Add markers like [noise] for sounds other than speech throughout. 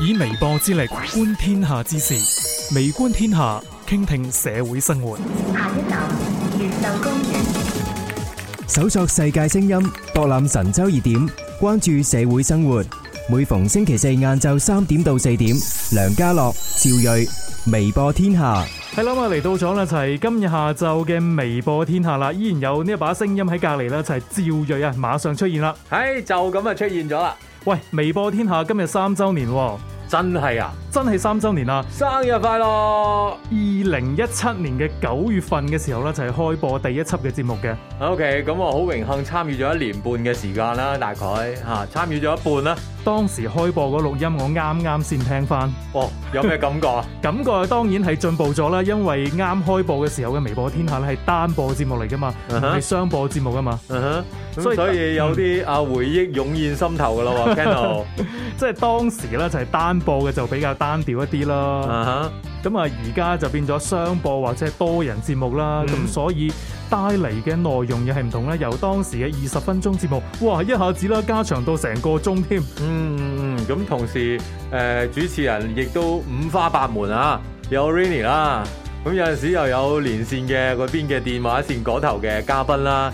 以微博之力觀天下之事，微觀天下，傾聽社會生活。下一集圓壽公園，搜索世界聲音，博覽神州熱點，關注社會生活。每逢星期四晏晝三點到四點，梁家樂、趙睿，微博天下。係啦，我嚟到咗啦，就係今日下晝嘅微博天下啦，依然有呢一把聲音喺隔籬咧，就係趙睿啊，馬上出現啦，唉，就咁啊，出現咗啦。喂，微播天下今日三周年喎，真係啊！真係三週年啦！生日快樂！二零一七年嘅九月份嘅時候呢就係、是、開播第一輯嘅節目嘅。OK，咁我好榮幸參與咗一年半嘅時間啦，大概嚇、啊、參與咗一半啦。當時開播嗰錄音，我啱啱先聽翻。哦，有咩感覺啊？ [laughs] 感覺當然係進步咗啦，因為啱開播嘅時候嘅微博天下咧係單播節目嚟㗎嘛，唔、uh-huh. 係雙播節目㗎嘛、uh-huh.。所以有啲啊回憶湧現心頭㗎啦喎，Ken，即係當時呢就係單播嘅就比較。單調一啲啦，咁啊而家就變咗雙播或者多人節目啦，咁、mm. 所以帶嚟嘅內容又係唔同啦。由當時嘅二十分鐘節目，哇，一下子啦加長到成個鐘添。嗯，咁同時誒、呃、主持人亦都五花八門啊，有 Rainy 啦，咁有陣時又有連線嘅嗰邊嘅電話線嗰頭嘅嘉賓啦。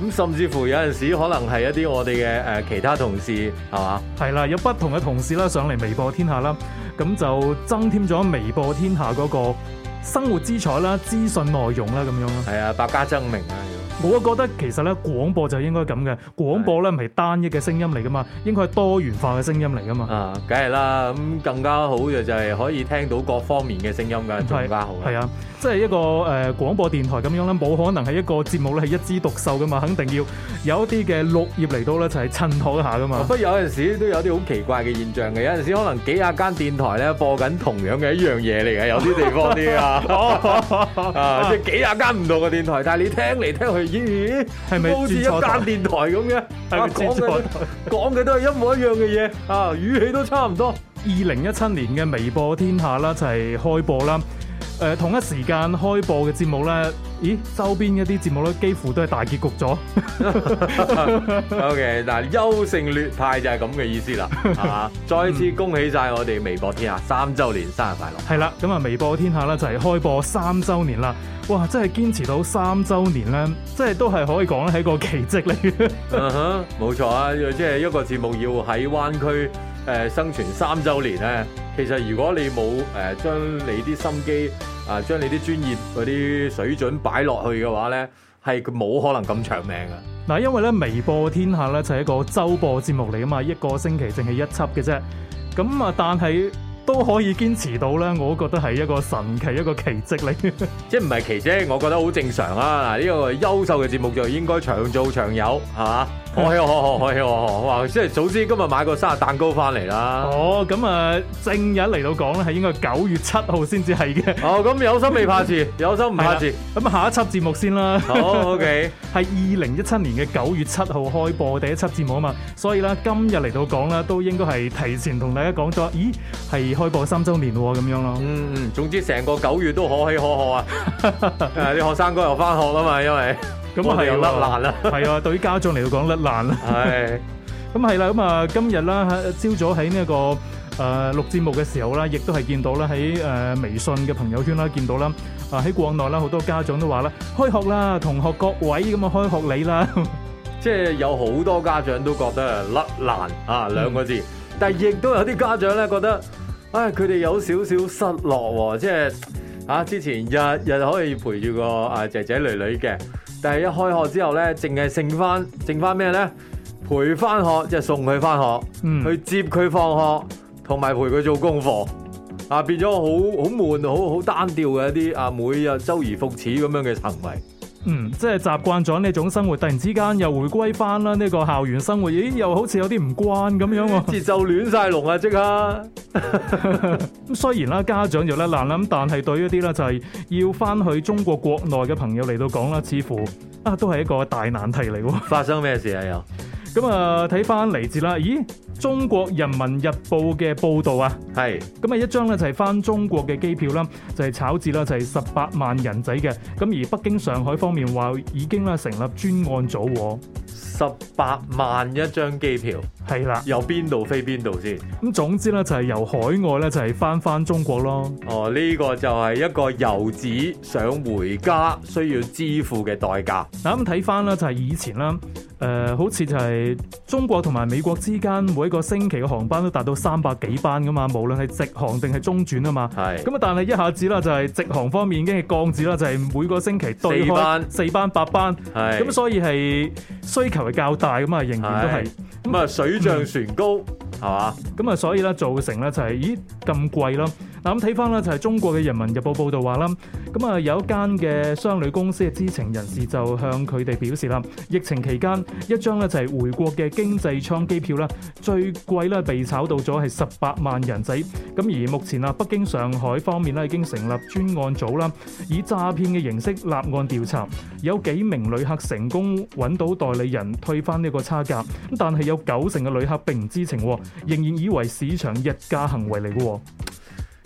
咁甚至乎有陣時可能係一啲我哋嘅，誒，其他同事係嘛，係啦，有不同嘅同事啦上嚟微博天下啦，咁就增添咗微博天下嗰個生活姿采啦、資訊內容啦咁樣咯。係啊，百家爭鳴啊。我覺得其實咧廣播就應該咁嘅，廣播咧唔係單一嘅聲音嚟噶嘛，應該係多元化嘅聲音嚟噶嘛。啊，梗係啦，咁更加好嘅就係可以聽到各方面嘅聲音㗎，更加好。係啊，即係一個誒廣播電台咁樣咧，冇可能係一個節目咧係一枝獨秀㗎嘛，肯定要有一啲嘅綠葉嚟到咧就係襯托一下㗎嘛。啊、不過有陣時都有啲好奇怪嘅現象嘅，有陣時可能幾廿間電台咧播緊同樣嘅一樣嘢嚟嘅，有啲地方啲、 [laughs] [laughs] 哦哦哦、啊，啊即係幾廿間唔同嘅電台，但係你聽嚟聽去。咦，係咪好似一間電台咁嘅？講嘅講嘅都係一模一樣嘅嘢，啊，語氣都差唔多。二零一七年嘅微播天下啦，就係、是、開播啦。誒、呃，同一時間開播嘅節目咧，咦？周邊一啲節目咧，幾乎都係大結局咗。OK，嗱，優勝劣汰就係咁嘅意思啦。 [laughs] 啊，再一次恭喜晒我哋微博天下三周年生日快樂。係啦，咁啊，咪微博天下咧就係開播三周年啦。哇，真係堅持到三周年咧，即係都係可以講咧，係一個奇蹟嚟嘅。嗯哼，冇錯啊，即、就、係、是、一個節目要喺灣區。誒、呃，生存三周年咧，其實如果你冇誒將你啲心機啊，將、呃、你啲專業嗰啲水準擺落去嘅話咧，係冇可能咁長命嘅。嗱，因為咧微波天下咧就係一個周播節目嚟啊嘛，一個星期淨係一輯嘅啫。咁啊，但係都可以堅持到咧， [laughs] 我覺得係一個神奇一個奇蹟嚟。即係唔係奇蹟，我覺得好正常啊。嗱，呢個優秀嘅節目就應該長做長有，係嘛？可喜可賀，可喜可賀，哇！即係早知今日買個生日蛋糕翻嚟啦。哦，咁啊，正日嚟到講咧，係應該九月七號先至係嘅。哦，咁、嗯、有心未怕遲，有心唔怕遲。咁、 [laughs] 嗯、下一輯節目先啦。好，OK，係二零一七年嘅九月七號開播第一輯節目啊嘛，所以咧今日嚟到講咧，都應該係提前同大家講咗，咦，係開播三周年咁樣咯。嗯嗯，總之成個九月都可喜可賀啊！ [laughs] 啲學生哥又翻學啦嘛， [laughs] 因為。咁啊，係甩爛啦！係 [laughs] 啊，對於家長嚟講，甩爛啦。係咁係啦，咁啊，今日啦，朝早喺呢、這個誒錄節目嘅時候啦，亦都係見到啦，喺誒微信嘅朋友圈啦，見到啦，啊喺國內啦，好多家長都話啦，開學啦，同學各位咁啊，開學你啦，即係有好多家長都覺得甩爛啊兩個字，嗯、但係亦都有啲家長咧覺得，啊佢哋有少少失落、啊，即係啊之前日日可以陪住個啊仔仔女女嘅。但係一開學之後咧，淨係剩翻剩翻咩咧？陪翻學，即係送佢翻學，嗯，去接佢放學，同埋陪佢做功課。啊，變咗好好悶，好好單調嘅一啲啊，每日周而復始咁樣嘅行為。嗯，即係習慣咗呢種生活，突然之間又回歸翻啦呢個校園生活，咦，又好似有啲唔慣咁樣喎，節奏亂曬龍啊，即刻。咁 [laughs] [laughs] 雖然啦，家長又咧難諗，但係對一啲咧就係要翻去中國國內嘅朋友嚟到講啦，似乎啊都係一個大難題嚟喎。發生咩事啊又？咁啊，睇翻嚟自啦，咦？中國人民日報嘅報道啊，係咁啊，一張咧就係翻中國嘅機票啦，就係、是、炒至啦，就係十八萬人仔嘅。咁而北京、上海方面話已經啦成立專案組。十八萬一張機票，係啦，由邊度飛邊度先？咁總之咧就係由海外咧就係翻翻中國咯。哦，呢、這個就係一個游子想回家需要支付嘅代價。嗱，咁睇翻咧就係以前啦。誒、呃，好似就係中國同埋美國之間每一個星期嘅航班都達到三百幾班噶嘛，無論係直航定係中轉啊嘛。係。咁啊，但係一下子啦，就係、是、直航方面已經降至啦，就係、是、每個星期對開四班，四班八班。係。咁、嗯、所以係需求係較大噶嘛，仍然都係咁啊，水漲船高係嘛。咁、嗯、啊，嗯、所以啦，造成咧就係、是、咦咁貴咯。嗱，咁睇翻咧就係中國嘅人民日報報道話啦，咁啊有一間嘅商旅公司嘅知情人士就向佢哋表示啦，疫情期間。一張咧就係回國嘅經濟艙機票啦，最貴咧被炒到咗係十八萬人仔。咁而目前啊，北京、上海方面咧已經成立專案組啦，以詐騙嘅形式立案調查。有幾名旅客成功揾到代理人退翻呢個差價，但係有九成嘅旅客並唔知情，仍然以為市場日價行為嚟嘅。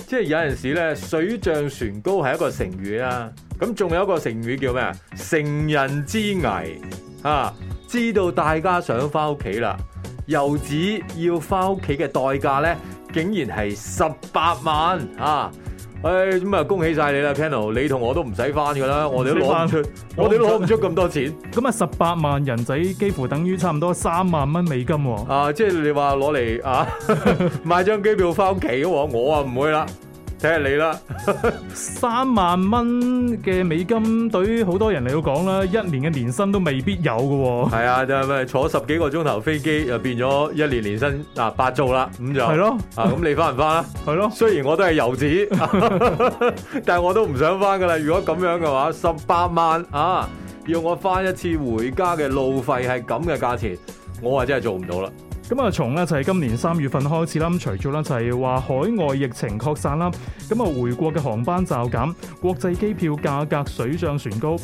即係有陣時咧，水漲船高係一個成語啦。咁仲有一個成語叫咩啊？乘人之危啊！知道大家想返屋企啦，又指要返屋企嘅代價咧，竟然係十八萬啊！誒、哎，咁啊恭喜晒你啦，Kennel，你同我都唔使翻噶啦，我哋都攞唔出，我哋都攞唔出咁多錢。咁啊，十八萬人仔幾乎等於差唔多三萬蚊美金喎、哦。啊，即係你話攞嚟啊， [laughs] 買張機票翻屋企嘅，我啊唔會啦。睇下你啦， [laughs] 三萬蚊嘅美金對於好多人嚟到講啦，一年嘅年薪都未必有嘅。係 [laughs] 啊，就係咪坐十幾個鐘頭飛機，又變咗一年年薪啊白做啦。咁就係咯。啊，咁你翻唔翻啊？係咯。雖然我都係遊子， [laughs] [laughs] 但係我都唔想翻噶啦。如果咁樣嘅話，十八萬啊，要我翻一次回家嘅路費係咁嘅價錢，我話真係做唔到啦。咁啊，從呢就係今年三月份開始啦，咁隨住呢，就係話海外疫情擴散啦，咁啊回國嘅航班驟減，國際機票價格水漲船高。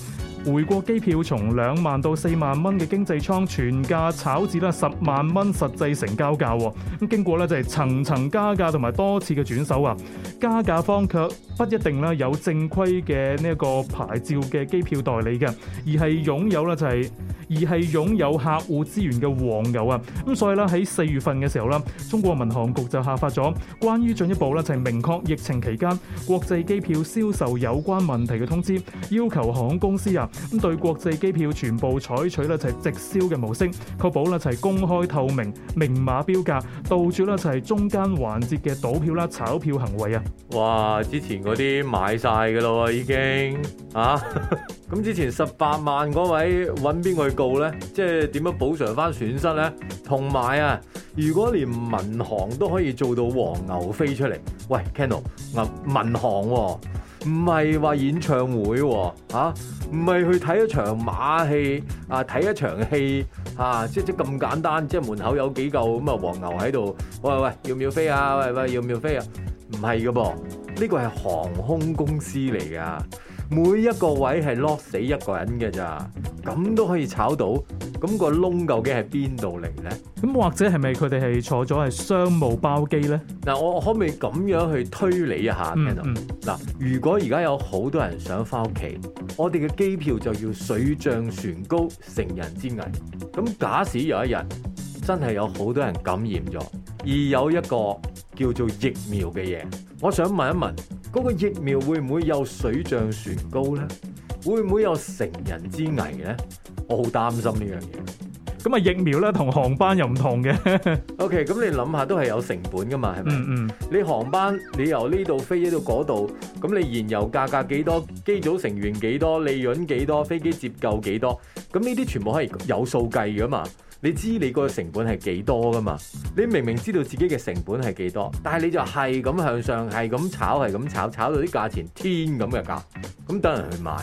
回國機票從兩萬到四萬蚊嘅經濟艙全價炒至啦十萬蚊，實際成交價喎。咁經過咧就係層層加價同埋多次嘅轉手啊，加價方卻不一定呢有正規嘅呢一個牌照嘅機票代理嘅，而係擁有咧就係而係擁有客戶資源嘅黃牛啊。咁所以咧喺四月份嘅時候啦，中國民航局就下發咗關於進一步啦就係明確疫情期間國際機票銷售有關問題嘅通知，要求航空公司啊。咁對國際機票全部採取咧就係直銷嘅模式，確保咧就係公開透明、明碼標價，杜絕咧就係中間環節嘅倒票啦、炒票行為啊！哇！之前嗰啲買晒嘅咯喎已經了啊，咁 [laughs] 之前十八萬嗰位揾邊個去告咧？即係點樣補償翻損失咧？同埋啊，如果連民航都可以做到黃牛飛出嚟，喂，Kennel，民航喎、哦！唔係話演唱會喎，嚇，唔係去睇一場馬戲，啊，睇一場戲，嚇，即即咁簡單，即門口有幾嚿咁啊黃牛喺度，喂喂，要唔要飛啊？喂喂，要唔要飛啊？唔係噶噃，呢個係航空公司嚟噶。每一個位係 lock 死一個人嘅咋，咁都可以炒到，咁個窿究竟係邊度嚟咧？咁或者係咪佢哋係坐咗係商務包機咧？嗱，我可唔可以咁樣去推理一下？嗱、嗯嗯，如果而家有好多人想翻屋企，我哋嘅機票就要水漲船高，成人之危。咁假使有一日，真係有好多人感染咗，而有一個叫做疫苗嘅嘢，我想問一問嗰個疫苗會唔會有水漲船高呢？會唔會有乘人之危呢？我好擔心呢樣嘢。咁啊，疫苗咧同航班又唔同嘅。OK，咁你諗下都係有成本噶嘛，係咪？嗯，嗯。你航班你由呢度飛咗到嗰度，咁你燃油價格幾多？機組成員幾多？利潤幾多？飛機折舊幾多？咁呢啲全部可以有數計噶嘛？你知你個成本係幾多噶嘛？你明明知道自己嘅成本係幾多，但係你就係咁向上，係咁炒，係咁炒，炒到啲價錢天咁嘅價，咁等人去買。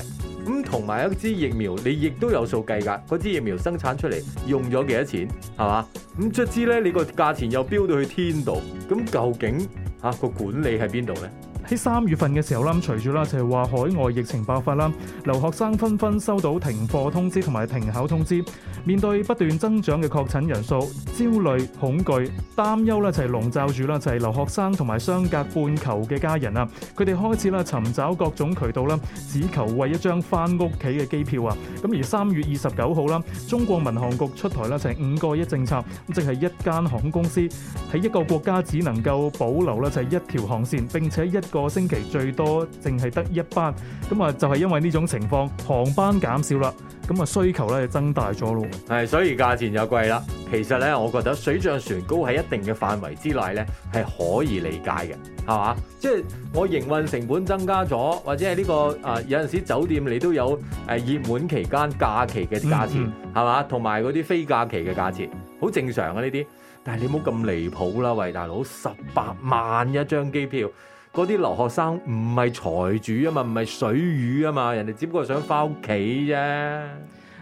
咁同埋一支疫苗，你亦都有數計㗎。嗰支疫苗生產出嚟用咗幾多錢，係嘛？咁卒之咧，你個價錢又飆到去天度，咁究竟嚇、啊個管理喺邊度咧？喺三月份嘅時候啦，隨住啦就係話海外疫情爆發啦，留學生紛紛收到停課通知同埋停考通知。面對不斷增長嘅確診人數，焦慮、恐懼、擔憂咧就係籠罩住啦，就係留學生同埋相隔半球嘅家人啊。佢哋開始啦尋找各種渠道啦，只求為一張翻屋企嘅機票啊。咁而三月二十九號啦，中國民航局出台啦就係五個一政策，即係一間航空公司喺一個國家只能夠保留啦就係一條航線，並且一個星期最多淨係得一班咁啊，就係因為呢種情況，航班減少啦，咁啊需求咧就增大咗咯。係，所以價錢就貴啦。其實咧，我覺得水漲船高喺一定嘅範圍之內咧係可以理解嘅，係嘛？即係我營運成本增加咗，或者係、這、呢個啊有陣時酒店你都有誒熱門期間假期嘅啲價錢係嘛，同埋嗰啲非假期嘅價錢，好正常嘅呢啲。但係你冇咁離譜啦，喂大佬，十八萬一張機票！嗰啲留學生唔係財主啊嘛，唔係水魚啊嘛，人哋只不過想翻屋企啫。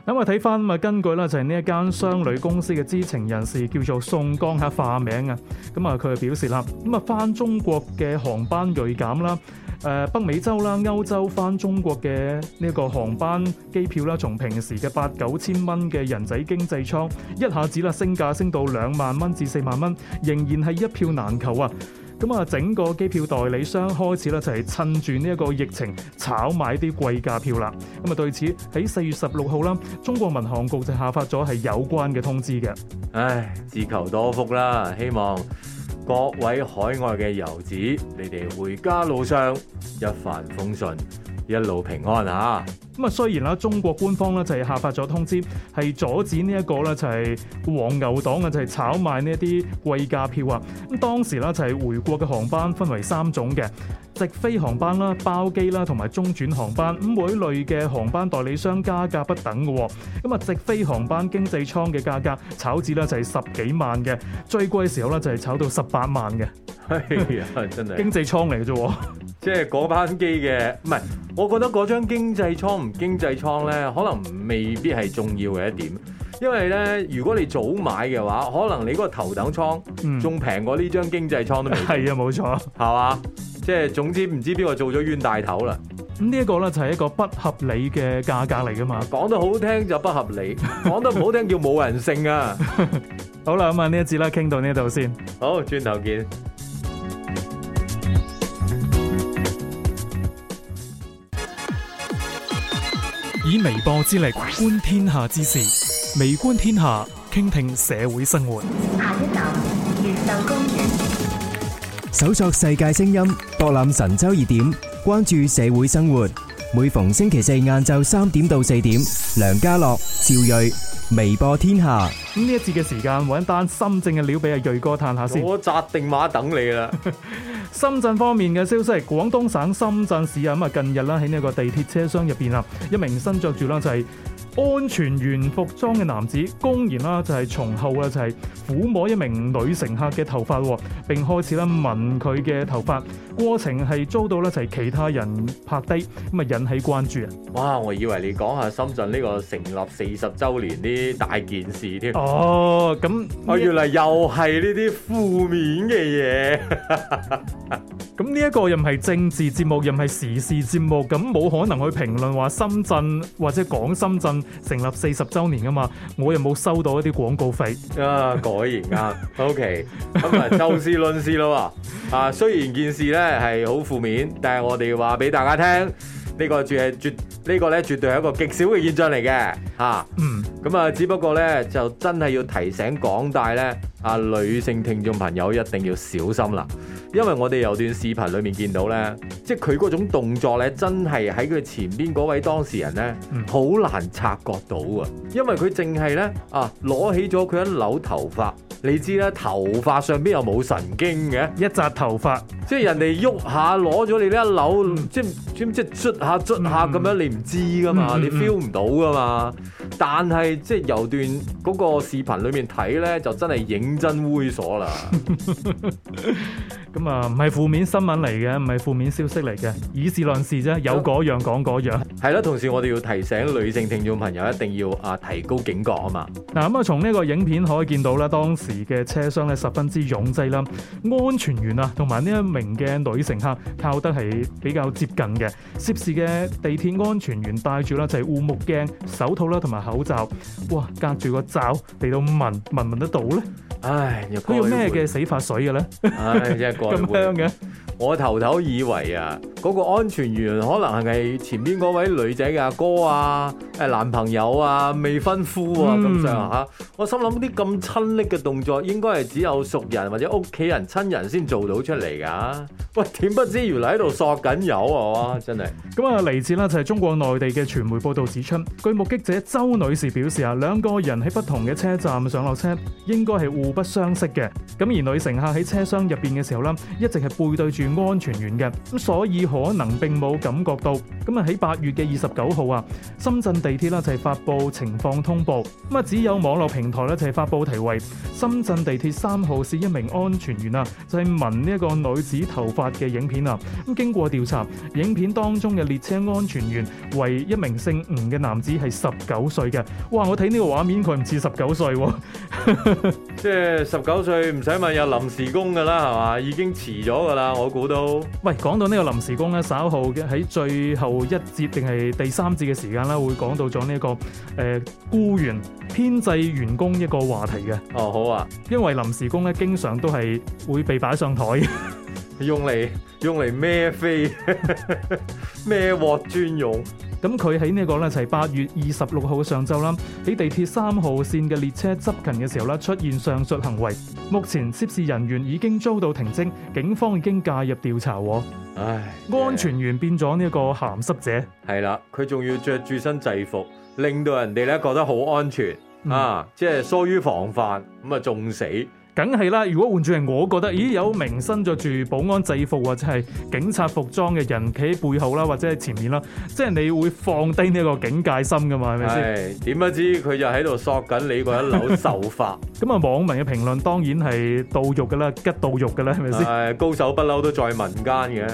咁啊睇翻啊根據啦，就係呢間商旅公司嘅知情人士叫做宋江，下化名啊。咁啊佢就表示啦，咁啊翻中國嘅航班鋭減啦，誒、呃、北美洲啦、歐洲翻中國嘅呢一個航班機票啦，從平時嘅八九千蚊嘅人仔經濟艙，一下子啦升價升到兩萬蚊至四萬蚊，仍然係一票難求啊！咁啊，整個機票代理商開始咧就係趁住呢一個疫情炒買啲貴價票啦。咁啊，對此喺四月十六號啦，中國民航局就下發咗係有關嘅通知嘅。唉，自求多福啦，希望各位海外嘅遊子，你哋回家路上一帆風順，一路平安啊。咁啊，雖然啦，中國官方咧就係下發咗通知，係阻止呢一個咧就係黃牛黨啊，就係炒賣呢一啲貴價票啊。咁當時咧就係回國嘅航班分為三種嘅。直飛航班啦、包機啦，同埋中轉航班咁，每類嘅航班代理商加價不等嘅、哦。咁啊，直飛航班經濟艙嘅價格炒至咧就係十幾萬嘅，最貴嘅時候咧就係炒到十八萬嘅。係、哎、啊，真係 [laughs] 經濟艙嚟嘅啫，即係嗰班機嘅。唔係，我覺得嗰張經濟艙唔經濟艙咧，可能未必係重要嘅一點。因為咧，如果你早買嘅話，可能你嗰個頭等艙仲平過呢張經濟艙都未。係啊，冇錯，係嘛？即係總之唔知邊個做咗冤大頭啦、嗯，咁呢一個咧就係一個不合理嘅價格嚟噶嘛，講得好聽就不合理，講 [laughs] 得唔好聽叫冇人性啊 [laughs] 好了！好、嗯、啦，咁啊呢一節啦，傾到呢度先，好，轉頭見。以微博之力觀天下之事，微觀天下，傾聽社會生活。下一站搜索世界聲音，博覽神州熱點，關注社會生活。每逢星期四晏晝三點到四點，梁家樂、趙瑞微播天下。咁呢一節嘅時間，搵一單深圳嘅料俾阿瑞哥嘆下先。我紮定馬等你啦。 [laughs] 深圳方面嘅消息，廣東省深圳市啊咁啊，近日啦喺呢個地鐵車廂入邊啊，一名新着住啦就係、是。安全員服裝嘅男子公然啦，就係從後啊，就係撫摸一名女乘客嘅頭髮，並開始啦聞佢嘅頭髮。過程係遭到咧，就係其他人拍低咁啊引起關注啊！哇，我以為你講下深圳呢個成立四十周年啲大件事添哦，咁我、哦、原來又係呢啲負面嘅嘢。咁呢一個又唔係政治節目，又唔係時事節目，咁冇可能去評論話深圳或者講深圳成立四十周年噶嘛？我又冇收到一啲廣告費啊！果然、 [laughs] okay, [laughs] 啊 OK，咁啊就事論事咯，啊雖然件事咧。係好負面，但係我哋話俾大家聽，呢、這個絕係絕呢、這個絕對係一個極少嘅現象嚟嘅，吓，咁啊，只不過呢，就真係要提醒廣大呢啊女性聽眾朋友，一定要小心啦。因為我哋有段視頻裏面見到呢，即係佢嗰種動作呢，真係喺佢前邊嗰位當事人呢，好、嗯、難察覺到啊！因為佢淨係呢，啊攞起咗佢一縷頭髮，你知啦，頭髮上邊又冇神經嘅一紮頭髮，即係人哋喐下攞咗你呢一縷、嗯，即係捽下捽下咁樣，你唔知噶嘛，嗯、你 feel 唔到噶嘛。但係即係由段嗰個視頻裏面睇呢，就真係認真猥瑣啦。 [laughs] 咁、嗯、啊，唔係負面新聞嚟嘅，唔係負面消息嚟嘅，以事論事啫，有嗰樣講嗰樣。係、嗯、咯，同時我哋要提醒女性聽眾朋友，一定要啊提高警覺啊嘛。嗱咁啊，從呢個影片可以見到啦，當時嘅車廂咧十分之擁擠啦，安全員啊同埋呢一名嘅女乘客靠得係比較接近嘅。涉事嘅地鐵安全員戴住啦就係、是、護目鏡、手套啦同埋口罩，哇，隔住個罩，嚟到聞聞聞得到咧。唉，佢用咩嘅洗髮水嘅咧？唉。 [laughs] 咁香嘅。我頭頭以為啊，嗰、那個安全員可能係係前邊嗰位女仔嘅阿哥啊，誒男朋友啊，未婚夫啊咁上下。我心諗啲咁親暱嘅動作，應該係只有熟人或者屋企人親人先做到出嚟㗎、啊。喂，點不知原來喺度索緊油啊！真係。咁啊，嚟自呢就係、是、中國內地嘅傳媒報道指出，據目擊者周女士表示啊，兩個人喺不同嘅車站上落車，應該係互不相識嘅。咁而女乘客喺車廂入邊嘅時候呢，一直係背對住。安全員嘅，咁，所以可能並冇感覺到咁啊！喺八月嘅二十九號啊，深圳地鐵啦就係發布情況通報，咁啊只有網絡平台啦就係發布題為《深圳地鐵三號是一名安全員啊》，就係聞呢一個女子頭髮嘅影片啊。咁經過調查，影片當中嘅列車安全員為一名姓吳嘅男子是，係十九歲嘅。哇！我睇呢個畫面，佢唔似十九歲，即係十九歲唔使問有臨時工噶啦，係嘛？已經遲咗噶啦，我估好多喂，講到呢個臨時工咧，稍後嘅喺最後一節定係第三節嘅時間啦，會講到咗、這、呢個誒僱、呃、員編制員工一個話題嘅。哦，好啊，因為臨時工咧，經常都係會被擺上台，用嚟用嚟孭飛咩鑊專用。咁佢喺呢一個呢就係、是，八月二十六號嘅上晝啦，喺地鐵三號線嘅列車執勤嘅時候呢，出現上述行為。目前涉事人員已經遭到停職，警方已經介入調查。唉，安全員變咗呢個鹹濕者。係啦，佢仲要着住身製服，令到人哋呢覺得好安全、嗯、啊，即、就、係、是、疏於防範，咁啊仲死。梗係啦，如果換轉係我覺得，咦有名身着住保安制服或者係警察服裝嘅人企喺背後啦，或者係前面啦，即係你會放低呢一個警戒心㗎嘛？係咪先？點不知佢就喺度索緊你嗰一縷秀髮。咁啊，網民嘅評論當然係盜玉㗎啦，吉盜玉㗎啦，係咪先？誒，高手不嬲都在民間嘅。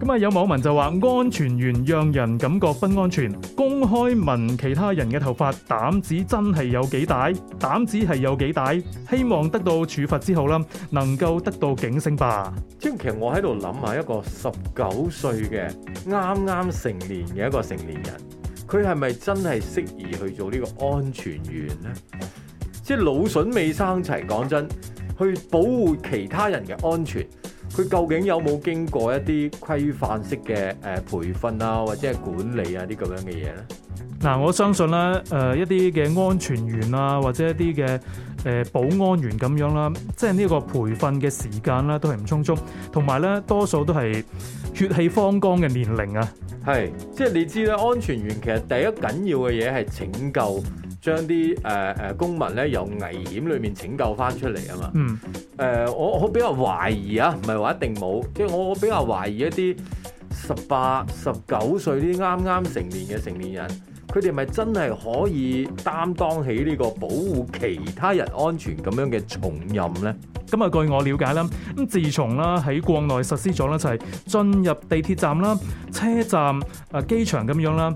咁啊！有網民就話，安全員讓人感覺不安全，公開聞其他人嘅頭髮，膽子真係有幾大，膽子係有幾大。希望得到處罰之後啦，能夠得到警醒吧。即其實我喺度諗下一個十九歲嘅啱啱成年嘅一個成年人，佢係咪真係適宜去做呢個安全員呢？即係腦笋未生齊，講真，去保護其他人嘅安全。佢究竟有冇經過一啲規範式嘅誒培訓啊，或者係管理啊啲咁樣嘅嘢咧？嗱，我相信咧，誒一啲嘅安全員啊，或者一啲嘅誒保安員咁樣啦，即係呢個培訓嘅時間啦，都係唔充足，同埋咧多數都係血氣方剛嘅年齡啊，係即係你知咧，安全員其實第一緊要嘅嘢係拯救。將啲誒誒公民咧由危險裏面拯救翻出嚟啊嘛！誒、嗯、我、呃、我比較懷疑啊，唔係話一定冇，即係我我比較懷疑一啲十八、十九歲啲啱啱成年嘅成年人。佢哋咪真係可以擔當起呢個保護其他人安全咁樣嘅重任咧？咁啊，據我了解啦，咁自從啦喺國內實施咗啦，就係進入地鐵站啦、車站、啊機場咁樣啦，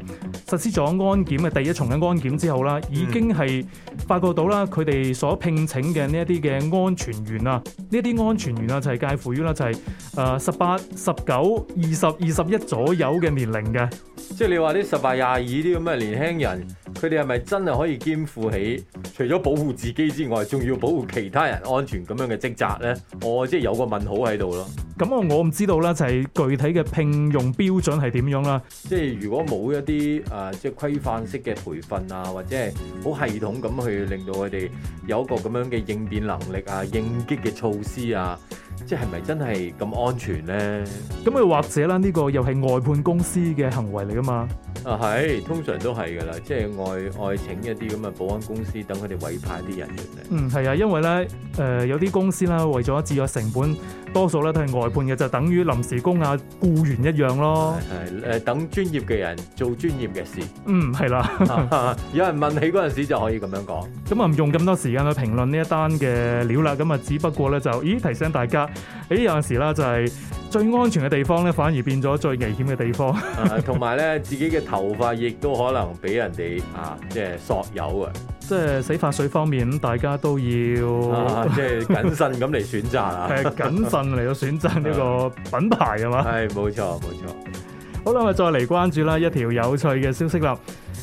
實施咗安檢嘅第一重嘅安檢之後啦，已經係發覺到啦，佢哋所聘請嘅呢一啲嘅安全員啊，呢啲安全員啊，就係介乎於啦，就係誒十八、十九、二十二十一左右嘅年齡嘅，即係你話啲十八廿二啲咁嘅年年輕人佢哋係咪真係可以肩負起除咗保護自己之外，仲要保護其他人安全咁樣嘅職責呢？我即係有個問號喺度咯。咁、嗯、我我唔知道啦，就係、是、具體嘅聘用標準係點樣啦？即係如果冇一啲誒、呃、即係規範式嘅培訓啊，或者係好系統咁去令到佢哋有一個咁樣嘅應變能力啊、應激嘅措施啊。即係咪真係咁安全咧？咁又或者啦，呢、這個又係外判公司嘅行為嚟㗎嘛。啊係，通常都係噶啦，即係外外請一啲咁嘅保安公司，等佢哋委派啲人員嚟。嗯，係啊，因為咧，誒、呃，有啲公司啦，為咗節約成本，多數咧都係外判嘅，就等於臨時工啊、雇員一樣咯。係誒，等專業嘅人做專業嘅事。嗯，係啦、 [laughs] 啊。有人問起嗰陣時就可以咁樣講。咁啊，唔用咁多時間去評論呢一單嘅料啦。咁啊，只不過咧就，咦，提醒大家。誒、欸，有陣時啦，就係最安全嘅地方咧，反而變咗最危險嘅地方啊。同埋咧，自己嘅頭髮亦都可能俾人哋啊，即係索油啊！即係洗髮水方面，大家都要即係謹慎咁嚟選擇啊！係謹慎嚟到選擇呢 [laughs] 個品牌係嘛？係冇錯冇錯。好啦，我再嚟關注啦一條有趣嘅消息啦，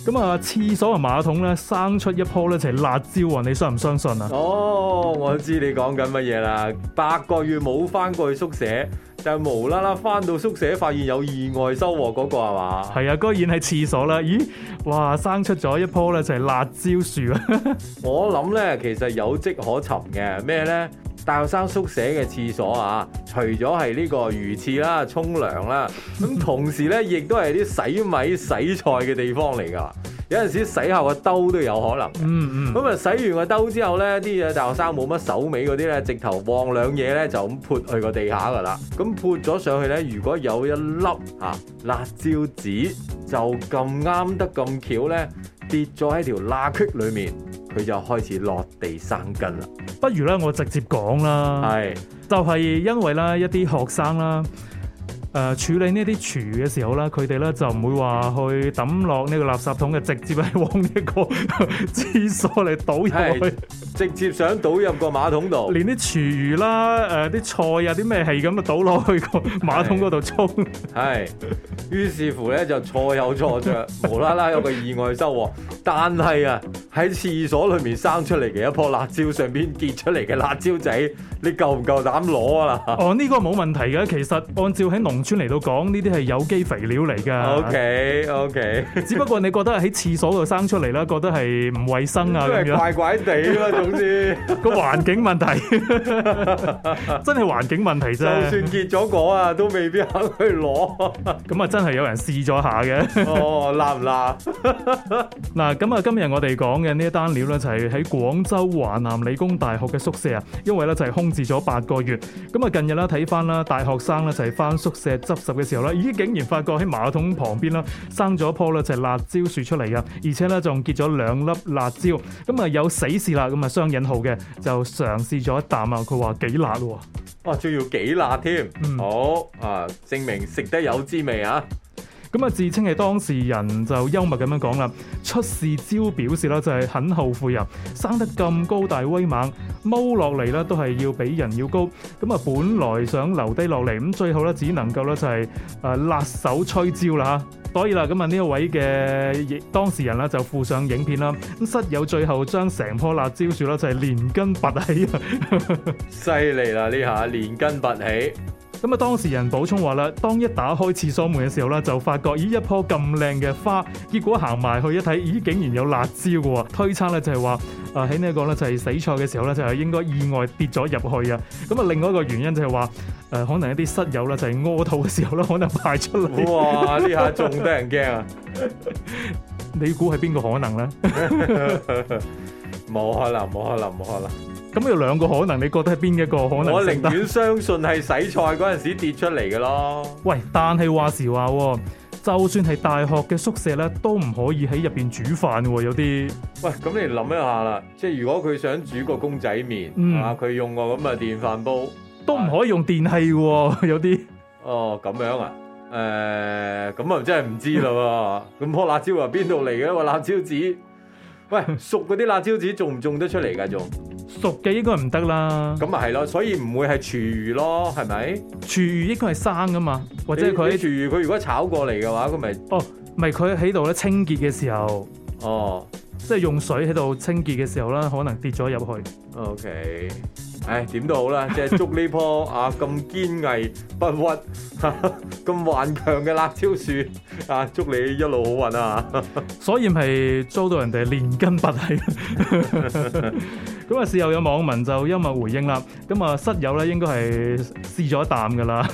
咁啊廁所啊馬桶咧生出一棵咧就係辣椒喎，你相唔相信啊？哦，我知你講緊乜嘢啦，八個月冇翻過去宿舍，就無啦啦翻到宿舍發現有意外收穫嗰個係嘛？係啊，居然喺廁所啦？咦，哇，生出咗一棵咧就係辣椒樹啊！ [laughs] 我諗咧其實有迹可尋嘅，咩咧？大學生宿舍嘅廁所啊，除咗係呢個如廁啦、沖涼啦，咁同時咧，亦都係啲洗米洗菜嘅地方嚟噶。有陣時洗下個兜都有可能。嗯嗯。咁啊，洗完個兜之後咧，啲嘢大學生冇乜手尾嗰啲咧，直頭望兩嘢咧就咁潑去個地下噶啦。咁潑咗上去咧，如果有一粒啊辣椒籽，就咁啱得咁巧咧。跌咗喺條罅隙裏面，佢就開始落地生根啦。不如咧，我直接講啦，係就係、是、因為咧一啲學生啦。誒、呃、處理呢啲廚餘嘅時候啦，佢哋咧就唔會話去抌落呢個垃圾桶嘅，直接係往一、這個呵呵廁所嚟倒入去，直接想倒入個馬桶度。連啲廚餘啦，誒、呃、啲菜呀啲咩係咁啊，倒落去個馬桶嗰度沖。係，於是乎咧就錯有錯着， [laughs] 無啦啦有個意外收穫。 [laughs] 但係啊，喺廁所裏面生出嚟嘅一樖辣椒上邊結出嚟嘅辣椒仔，你夠唔夠膽攞啊？哦，呢、這個冇問題嘅，其實按照喺農出嚟到講呢啲係有機肥料嚟㗎。OK OK。只不過你覺得喺廁所度生出嚟啦，覺得係唔衞生啊咁樣。因為怪怪地咯，總之個環境問題，真係環境問題啫。就算結咗果啊，都未必肯去攞。咁啊，真係有人試咗下嘅。哦，辣唔辣？嗱，咁啊，今日我哋講嘅呢一單料咧，就係喺廣州華南理工大學嘅宿舍啊，因為咧就係空置咗八個月。咁啊，近日啦睇翻啦，大學生咧就係翻宿舍。執拾嘅時候啦，已經竟然發覺喺馬桶旁邊啦，生咗一棵咧就係辣椒樹出嚟嘅，而且咧仲結咗兩粒辣椒，咁啊有死事啦，咁啊雙引號嘅就嘗試咗一啖啊，佢話幾辣喎，哇仲要幾辣添，好啊證明食得有滋味啊！咁啊，自稱係當事人就幽默咁樣講啦，出事招表示啦，就係、是、很後悔人，生得咁高大威猛，踎落嚟啦都係要比人要高。咁啊，本來想留低落嚟，咁最後呢，只能夠呢、就是，就係誒辣手摧椒啦嚇。所以啦，咁啊呢一位嘅當事人咧就附上影片啦。咁室友最後將成棵辣椒樹咧就係連根拔起，犀利啦呢下連根拔起。咁啊！當事人補充話啦，當一打開廁所門嘅時候啦，就發覺咦一樖咁靚嘅花，結果行埋去一睇，咦竟然有辣椒嘅喎！推測咧就係話，啊喺呢一個咧就係洗菜嘅時候咧就係、是、應該意外跌咗入去啊！咁啊，另外一個原因就係話，誒、呃、可能一啲室友啦就係屙肚嘅時候咧可能排出嚟。哇！呢下仲得人驚啊！ [laughs] 你估係邊個可能咧？冇 [laughs] 可能，冇可能，冇可能。咁有兩個可能，你覺得係邊一個可能？我寧願相信係洗菜嗰陣時跌出嚟嘅咯喂。喂，但係話時話，就算係大學嘅宿舍咧，都唔可以喺入邊煮飯喎。有啲。喂，咁你諗一下啦，即係如果佢想煮個公仔麵，嗯，啊，佢用個咁嘅電飯煲，都唔可以用電器喎。有啲。哦，咁樣啊？誒、呃，咁啊真係唔知啦。咁 [laughs] 棵辣椒啊，邊度嚟嘅？話辣椒籽。喂，熟嗰啲辣椒籽種唔種得出嚟㗎？仲熟嘅應該唔得啦。咁咪係咯，所以唔會係廚餘咯，係咪？廚餘應該係生㗎嘛，或者佢廚餘佢如果炒過嚟嘅話，佢咪哦，咪，佢喺度咧清潔嘅時候，哦，即係用水喺度清潔嘅時候啦，可能跌咗入去。OK。唉，點都好啦，即係祝呢棵啊咁堅毅不屈、咁、啊、頑強嘅辣椒樹啊，祝你一路好運啊！所以唔係遭到人哋連根拔起。咁啊， [laughs] 事後有網民就幽默回應啦。咁啊，室友咧應該係試咗一啖噶啦。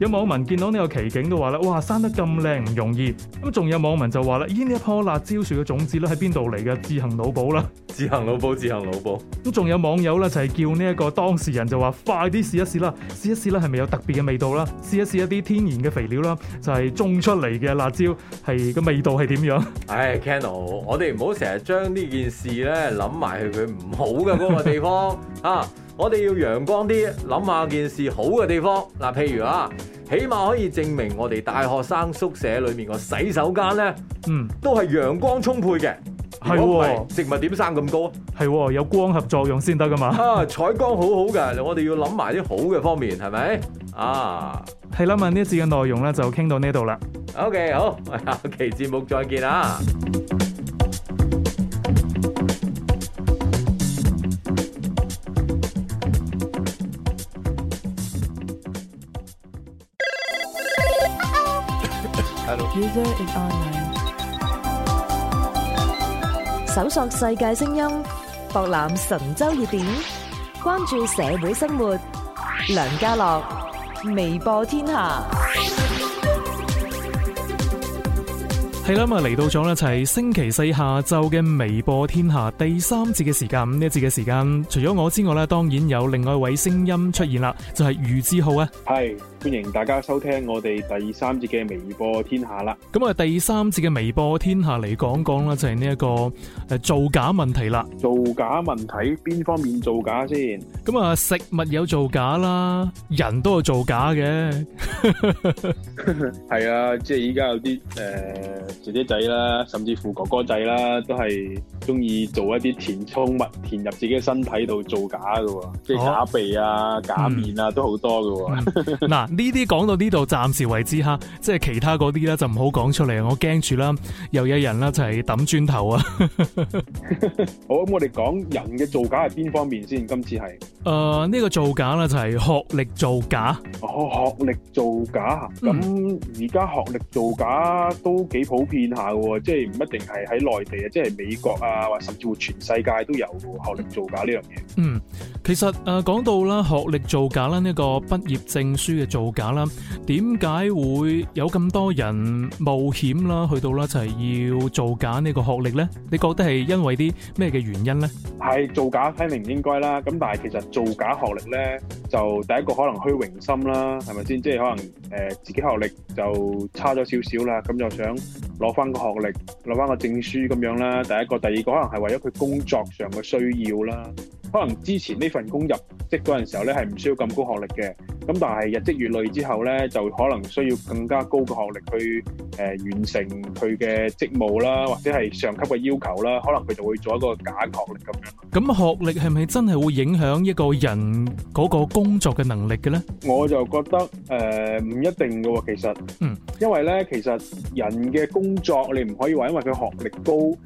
有網民見到呢個奇景都話咧：哇，生得咁靚唔容易。咁仲有網民就話咧：咦，呢一棵辣椒樹嘅種子咧喺邊度嚟嘅？自行腦補啦，自行腦補，自行腦補。咁仲有網友啦，就係叫呢、這、一個。當事人就話：快啲試一試啦，試一試啦，係咪有特別嘅味道啦？試一試一啲天然嘅肥料啦，就係、是、種出嚟嘅辣椒係個味道係點樣？唉、哎、 [laughs] ，Kennel，我哋唔好成日將呢件事咧諗埋去佢唔好嘅嗰個地方 [laughs] 啊！我哋要陽光啲，諗下件事好嘅地方。嗱、啊，譬如啊，起碼可以證明我哋大學生宿舍裏面個洗手間咧，嗯，都係陽光充沛嘅。係，哦、植物點生咁高啊？係、哦，有光合作用先得噶嘛？啊，採光很好好噶，我哋要諗埋啲好嘅方面，係咪？啊，係啦，問呢一節嘅內容咧，就傾到呢度啦。OK，好，下期節目再見啦。 [music] 搜索世界聲音，博覽神州熱點，關注社會生活。梁家樂，微播天下。係啦，咁啊嚟到咗咧，就係星期四下晝嘅微播天下第三次嘅時間。呢一次嘅時間，除咗我之外咧，當然有另外一位聲音出現啦，就係、是、余志浩啊。係。歡迎大家收聽我哋第三節嘅微播天下啦！咁啊，第三節嘅微播天下嚟講講啦，就係呢一個誒造假問題啦。造假問題邊方面造假先？咁啊，食物有造假啦，人都有造假嘅。係 [laughs] [laughs] 啊，即係依家有啲誒、呃、姐姐仔啦，甚至乎哥哥仔啦，都係中意做一啲填充物填入自己嘅身體度造假噶、啊哦，即係假鼻啊、假面啊，嗯、都好多噶、啊。嗱、嗯。嗯 [laughs] 呢啲講到呢度暫時為止吓，即係其他嗰啲咧就唔好講出嚟，我驚住啦，又有人啦就係抌磚頭啊！ [laughs] [laughs] 好，咁，我哋講人嘅造假係邊方面先？今次係誒呢個造假啦，就係、是、學歷造假。哦，學歷造假，咁而家學歷造假都幾普遍下嘅，即係唔一定係喺內地啊，即、就、係、是、美國啊，或甚至乎全世界都有學歷造假呢樣嘢。嗯，其實誒講、呃、到啦，學歷造假啦，呢、這個畢業證書嘅造假。造假啦？點解會有咁多人冒險啦？去到啦就係要造假呢個學歷呢？你覺得係因爲啲咩嘅原因呢？係造假肯定唔應該啦。咁但係其實造假學歷呢，就第一個可能虛榮心啦，係咪先？即係可能誒，自己學歷就差咗少少啦，咁就想攞翻個學歷，攞翻個證書咁樣啦。第一個，第二個可能係爲咗佢工作上嘅需要啦。可能之前呢份工入職嗰陣時候咧，係唔需要咁高學歷嘅。咁但係日積月累之後咧，就可能需要更加高嘅學歷去誒、呃、完成佢嘅職務啦，或者係上級嘅要求啦。可能佢就會做一個假的學歷咁樣。咁學歷係咪真係會影響一個人嗰個工作嘅能力嘅咧？我就覺得誒唔、呃、一定嘅其實嗯，因為咧，其實人嘅工作你唔可以話因為佢學歷高。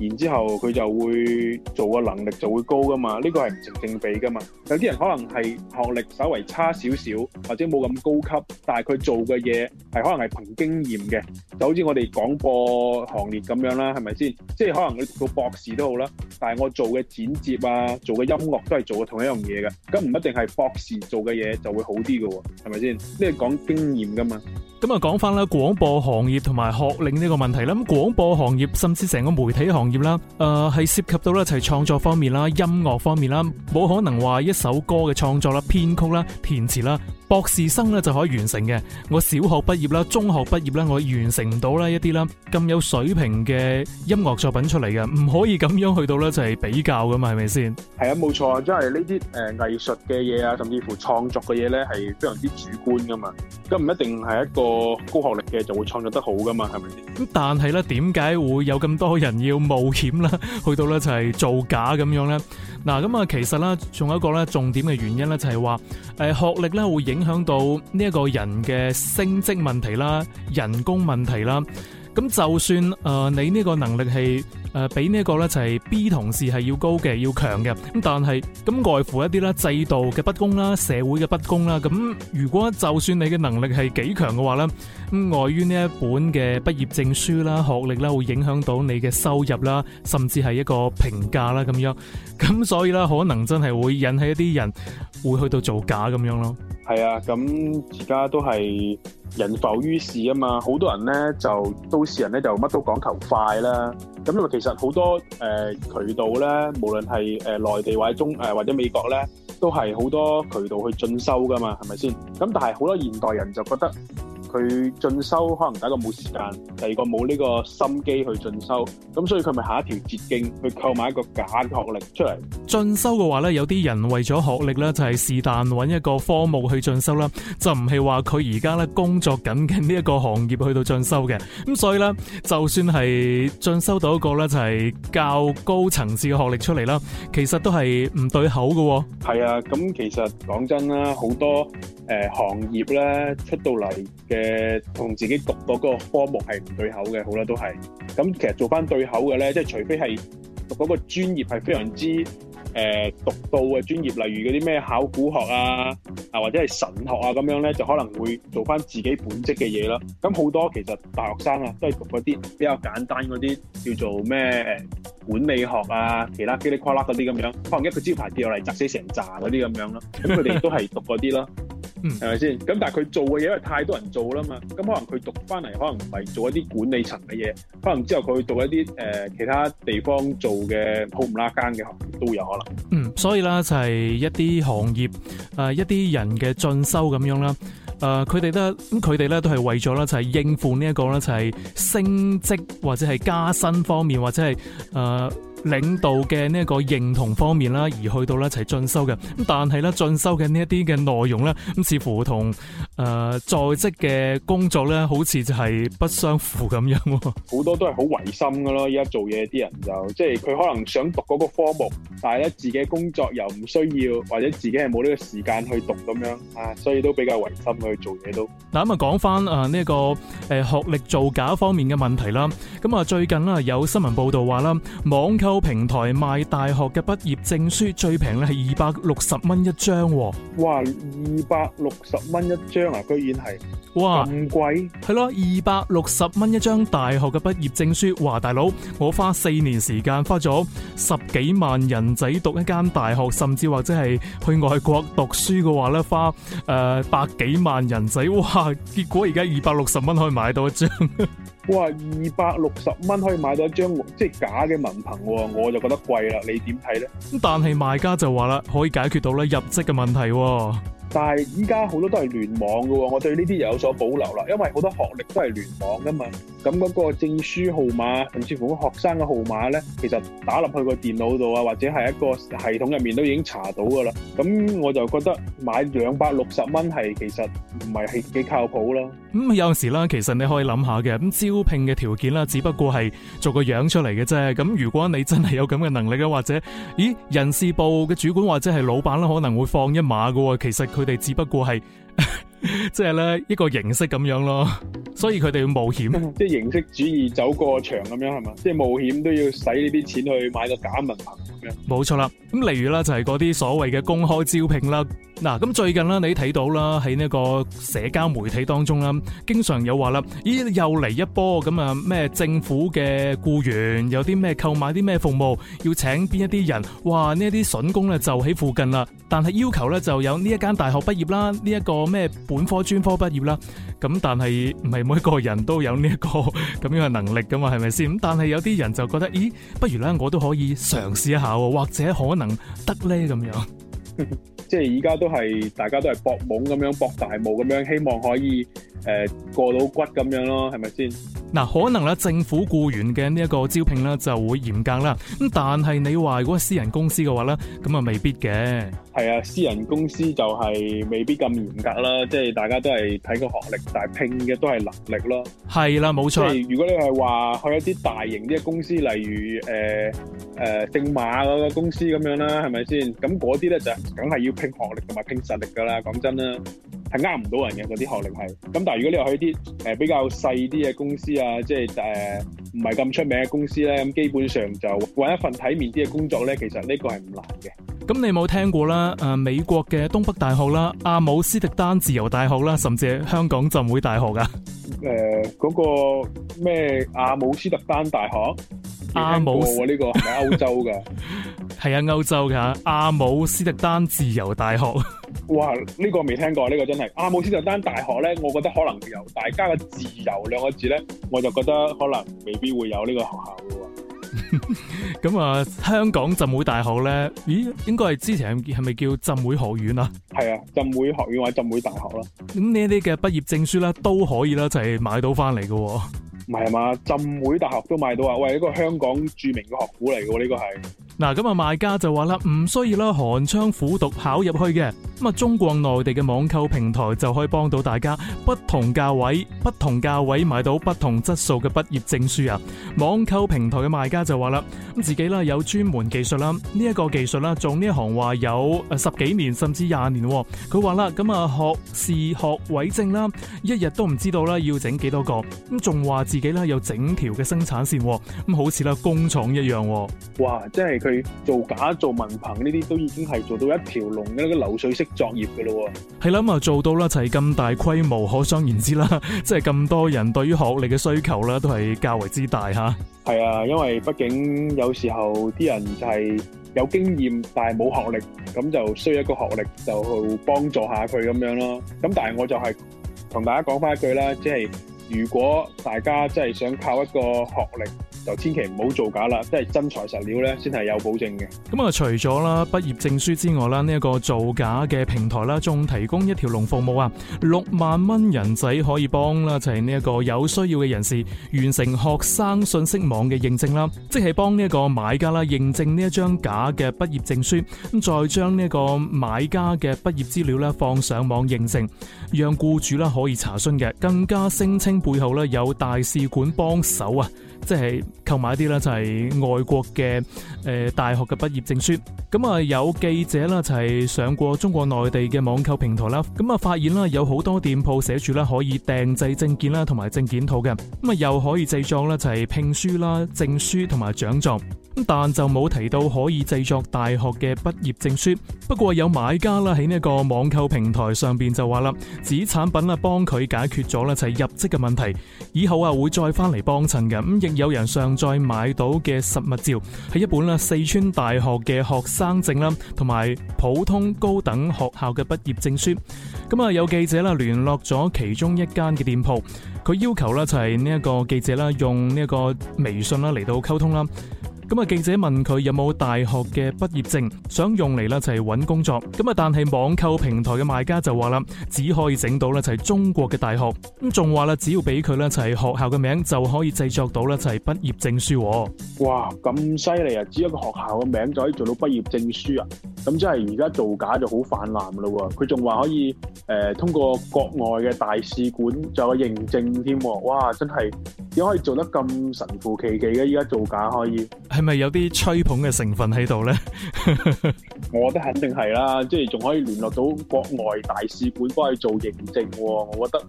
然之後佢就會做嘅能力就會高噶嘛，呢、這個係唔成正比噶嘛。有啲人可能係學歷稍為差少少，或者冇咁高級，但係佢做嘅嘢係可能係憑經驗嘅。就好似我哋廣播行列咁樣啦，係咪先？即係可能你讀博士都好啦，但係我做嘅剪接啊，做嘅音樂都係做嘅同一樣嘢嘅。咁唔一定係博士做嘅嘢就會好啲嘅喎，係咪先？呢係講經驗噶嘛。咁啊，講翻啦，廣播行業同埋學領呢個問題啦。咁廣播行業，甚至成個媒體行業啦，誒、呃，係涉及到一齊創作方面啦、音樂方面啦，冇可能話一首歌嘅創作啦、編曲啦、填詞啦。博士生咧就可以完成嘅，我小學畢業啦，中學畢業啦，我完成到啦一啲啦咁有水平嘅音樂作品出嚟嘅，唔可以咁樣去到咧就係比較噶嘛，係咪先？係啊，冇錯，即係呢啲誒藝術嘅嘢啊，甚至乎創作嘅嘢咧係非常之主觀噶嘛，咁唔一定係一個高學歷嘅就會創作得好噶嘛，係咪先？咁但係咧，點解會有咁多人要冒險啦？去到咧就係造假咁樣咧？嗱，咁啊，其實啦，仲有一個咧，重點嘅原因咧，就係話，誒學歷咧，會影響到呢一個人嘅升職問題啦、人工問題啦。咁就算誒、呃、你呢個能力係誒、呃、比呢個咧就係 B 同事係要高嘅，要強嘅。咁但係咁外乎一啲咧制度嘅不公啦，社會嘅不公啦。咁如果就算你嘅能力係幾強嘅話咧，咁礙於呢一本嘅畢業證書啦、學歷啦，會影響到你嘅收入啦，甚至係一個評價啦咁樣。咁所以咧，可能真係會引起一啲人會去到造假咁樣咯。係啊，咁而家都係。人浮於事啊嘛，好多人咧就都市人咧就乜都講求快啦。咁因為其實好多誒、呃、渠道咧，無論係誒內地或者中、呃、或者美國咧，都係好多渠道去進修噶嘛，係咪先？咁但係好多現代人就覺得。佢進修可能第一個冇時間，第二個冇呢個心機去進修，咁所以佢咪下一條捷徑去購買一個假學歷出嚟。進修嘅話咧，有啲人為咗學歷咧，就係是但揾一個科目去進修啦，就唔係話佢而家咧工作緊緊呢一個行業去到進修嘅。咁所以咧，就算係進修到一個咧，就係較高層次嘅學歷出嚟啦，其實都係唔對口嘅。係啊，咁其實講真啦，好多誒行業咧出到嚟嘅。誒，同自己讀嗰個科目係唔對口嘅，好啦都係。咁其實做翻對口嘅咧，即係除非係讀嗰個專業係非常之誒，獨、呃、到嘅專業，例如嗰啲咩考古學啊，啊或者係神學啊咁樣咧，就可能會做翻自己本職嘅嘢啦。咁好多其實大學生啊，都係讀一啲比較簡單嗰啲叫做咩誒，管理學啊，其他嘰里呱啦嗰啲咁樣，可能一個招牌跌落嚟砸死成扎嗰啲咁樣咯。咁佢哋都係讀嗰啲咯。係咪先咁？但係佢做嘅嘢，因為太多人做啦嘛，咁可能佢讀翻嚟，可能唔係做一啲管理層嘅嘢，可能之後佢去讀一啲誒其他地方做嘅鋪唔拉更嘅行業都有可能。嗯，所以咧就係一啲行業誒，一啲人嘅進修咁樣啦。誒，佢哋咧咁，佢哋咧都係為咗咧就係應付呢一個咧就係升職或者係加薪方面或者係誒。領導嘅呢一個認同方面啦，而去到咧一齊進修嘅。咁但係咧進修嘅呢一啲嘅內容咧，咁似乎同誒在職嘅工作咧，好似就係不相符咁樣。好多都係好違心噶咯，依家做嘢啲人就即係佢可能想讀嗰個科目，但係咧自己工作又唔需要，或者自己係冇呢個時間去讀咁樣啊，所以都比較違心去做嘢都。嗱咁啊，講翻誒呢一個誒學歷造假方面嘅問題啦。咁啊，最近啦有新聞報道話啦，網購，平台賣大學嘅畢業證書最平咧係二百六十蚊一張，哇！二百六十蚊一張啊，居然係哇唔貴，係咯，二百六十蚊一張大學嘅畢業證書。哇，大佬，我花四年時間花咗十幾萬人仔讀一間大學，甚至或者係去外國讀書嘅話咧，花誒、呃、百幾萬人仔。哇，結果而家二百六十蚊可以買到一張。哇，二百六十蚊可以買到一張，即係假嘅文憑喎，我就覺得貴啦。你點睇呢？但係賣家就話啦，可以解決到咧入職嘅問題喎。但係依家好多都係聯網噶我對呢啲又有所保留啦。因為好多學歷都係聯網噶嘛，咁嗰個證書號碼，甚至乎個學生嘅號碼呢，其實打入去個電腦度啊，或者係一個系統入面都已經查到噶啦。咁我就覺得買兩百六十蚊係其實唔係係幾靠譜咯。咁、嗯、有時啦，其實你可以諗下嘅咁招聘嘅條件啦，只不過係做個樣出嚟嘅啫。咁如果你真係有咁嘅能力啊，或者咦人事部嘅主管或者係老闆咧，可能會放一馬噶。其實佢。佢哋只不過係。 [laughs] 即係咧一個形式咁樣咯，所以佢哋要冒險， [laughs] 即係形式主義走過場咁樣係嘛？即係冒險都要使呢啲錢去買個假文憑咁樣。冇錯啦，咁例如啦就係嗰啲所謂嘅公開招聘啦，嗱咁最近啦，你睇到啦，喺呢個社交媒體當中啦，經常有話啦，咦又嚟一波咁啊，咩政府嘅僱員有啲咩購買啲咩服務，要請邊一啲人，哇呢一啲筍工咧就喺附近啦，但係要求咧就有呢一間大學畢業啦，呢一個咩？本科、專科畢業啦，咁但係唔係每一個人都有呢一個咁樣嘅能力噶嘛，係咪先？但係有啲人就覺得，咦，不如咧，我都可以嘗試一下，或者可能得呢？咁樣。 [laughs] 即係而家都係，大家都係搏懵咁樣，搏大霧咁樣，希望可以誒、呃、過到骨咁樣咯，係咪先？嗱、啊，可能咧政府雇員嘅呢一個招聘咧就會嚴格啦，咁但係你話如果是私人公司嘅話咧，咁啊未必嘅。係啊，私人公司就係未必咁嚴格啦，即係大家都係睇個學歷，但係拼嘅都係能力咯。係啦、啊，冇錯。即如果你係話去一啲大型啲嘅公司，例如誒誒，姓、呃呃、馬嗰個公司咁樣啦，係咪先？咁嗰啲咧就梗係要拼學歷同埋拼實力噶啦，講真啦。係呃唔到人嘅，嗰啲學歷係。咁但係如果你話去啲誒比較細啲嘅公司啊，即係誒唔係咁出名嘅公司咧，咁基本上就揾一份體面啲嘅工作咧，其實呢個係唔難嘅。咁你冇聽過啦？誒、啊，美國嘅東北大學啦，阿姆斯特丹自由大學啦，甚至香港浸會大學噶。誒、呃，嗰、那個咩阿姆斯特丹大學？阿姆？我、這、呢個係咪歐洲噶？係 [laughs] 啊，歐洲噶阿姆斯特丹自由大學。哇，呢、這個未聽過，呢、這個真係阿姆斯特丹大學呢，我覺得可能由大家嘅自由兩個字呢，我就覺得可能未必會有呢個學校嘅。咁 [laughs] 啊，香港浸會大學咧，咦，應該係之前係咪叫浸會學院啊？係啊，浸會學院或者浸會大學咯。咁呢啲嘅畢業證書咧，都可以啦，就係、是、買到翻嚟嘅。唔係嘛，浸會大學都買到啊！喂，呢、這個香港著名嘅學府嚟嘅呢個係。嗱，咁啊，賣家就話啦，唔需要啦，寒窗苦讀考入去嘅，咁啊，中國內地嘅網購平台就可以幫到大家，不同價位、不同價位買到不同質素嘅畢業證書啊！網購平台嘅賣家就話啦，咁自己啦有專門技術啦，呢一個技術啦做呢行話有十幾年甚至廿年，佢話啦咁啊學士學位證啦，一日都唔知道啦要整幾多個，咁仲話自己啦有整條嘅生產線，咁好似啦工廠一樣，哇，真係～佢做假做文憑呢啲都已經係做到一條龍嘅一個流水式作業嘅咯喎，係諗啊做到啦，就係咁大規模，可想而知啦，即係咁多人對於學歷嘅需求咧，都係較為之大吓。係啊，因為畢竟有時候啲人就係有經驗但係冇學歷，咁就需要一個學歷就去幫助下佢咁樣咯。咁但係我就係同大家講翻一句啦，即係如果大家真係想靠一個學歷。就千祈唔好造假啦，即係真材實料咧，先係有保證嘅。咁啊，除咗啦畢業證書之外啦，呢一個造假嘅平台啦，仲提供一條龍服務啊，六萬蚊人仔可以幫啦，就係呢一個有需要嘅人士完成學生信息網嘅認證啦，即係幫呢一個買家啦認證呢一張假嘅畢業證書，咁再將呢一個買家嘅畢業資料咧放上網認證，讓僱主啦可以查詢嘅，更加聲稱背後咧有大使館幫手啊。即係購買一啲就係外國嘅誒、呃、大學嘅畢業證書。咁啊，有記者啦，就係上過中國內地嘅網購平台啦。咁啊，發現啦，有好多店鋪寫住可以訂製證件啦，同埋證件套嘅。咁啊，又可以製作啦，就係聘書啦、證書同埋獎狀。但就冇提到可以製作大學嘅畢業證書。不過有買家啦，喺呢個網購平台上邊就話啦，此產品啊幫佢解決咗就係入職嘅問題。以後啊會再翻嚟幫襯嘅。咁亦有人上載買到嘅實物照係一本啦，四川大學嘅學生證啦，同埋普通高等學校嘅畢業證書。咁啊，有記者啦聯絡咗其中一間嘅店鋪，佢要求就係呢一個記者啦用呢一個微信啦嚟到溝通啦。咁啊！記者問佢有冇大學嘅畢業證，想用嚟啦就係搵工作。咁啊，但係網購平台嘅賣家就話啦，只可以整到啦就係中國嘅大學。咁仲話啦，只要俾佢啦就係學校嘅名就可以製作到啦就係畢業證書。哇！咁犀利啊！只一個學校嘅名就可以做到畢業證書啊！咁即係而家造假就好泛濫啦。佢仲話可以誒、呃、通過國外嘅大使館，仲有認證添。哇！真係點可以做得咁神乎其技嘅？而家造假可以。係咪有啲吹捧嘅成分喺度咧？ [laughs] 我覺得肯定係啦，即係仲可以聯絡到國外大使館幫佢做認證。我覺得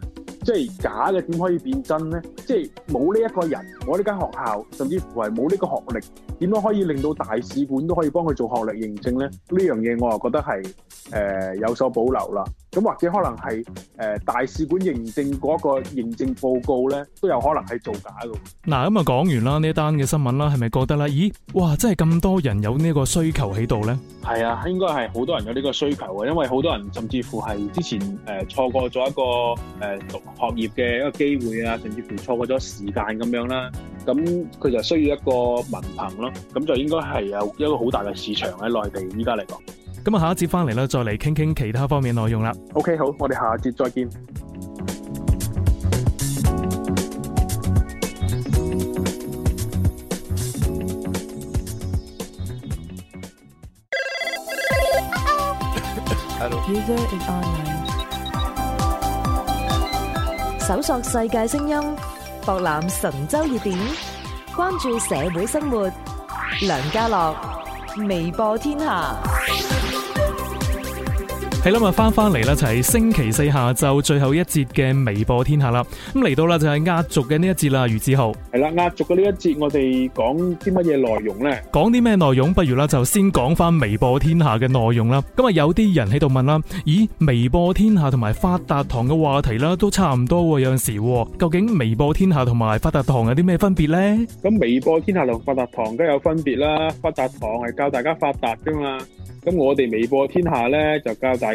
即係假嘅點可以變真咧？即係冇呢一個人，我呢間學校甚至乎係冇呢個學歷，點樣都可以令到大使館都可以幫佢做學歷認證咧？呢樣嘢，我啊覺得係誒、呃、有所保留啦。咁或者可能係誒、呃、大使館認證嗰一個認證報告咧，都有可能係造假嘅。嗱，咁就講完啦呢單嘅新聞啦，係咪覺得啦？咦，哇！真係咁多人有呢個需求喺度咧？係啊，應該係好多人有呢個需求啊，因為好多人甚至乎係之前誒、呃、錯過咗一個誒、呃、學業嘅一個機會啊，甚至乎錯過咗時間咁樣啦。咁佢就需要一個文憑咯。咁就應該係有一個好大嘅市場喺內地依家嚟講。現在來咁啊，下一節翻嚟啦，再嚟傾傾其他方面內容啦。OK，好，我哋下一節再見。Hello，u i online。搜索世界聲音，博覽神州熱點，關注社會生活。梁家樂，微博天下。係啦，咪翻翻嚟啦，就係、是、星期四下晝最後一節嘅微播天下啦。咁嚟到啦就係壓軸嘅呢一節啦，余志豪。係啦，壓軸嘅呢一節我哋講啲乜嘢內容咧？講啲咩內容？不如啦，就先講翻微播天下嘅內容啦。咁啊，有啲人喺度問啦，咦？微播天下同埋發達堂嘅話題啦，都差唔多有時，有陣時究竟微播天下同埋發達堂有啲咩分別咧？咁微播天下同發達堂梗有分別啦，發達堂係教大家發達㗎嘛，咁我哋微播天下咧就教大。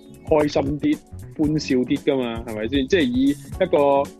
開心啲、歡笑啲噶嘛，係咪先？即係以一個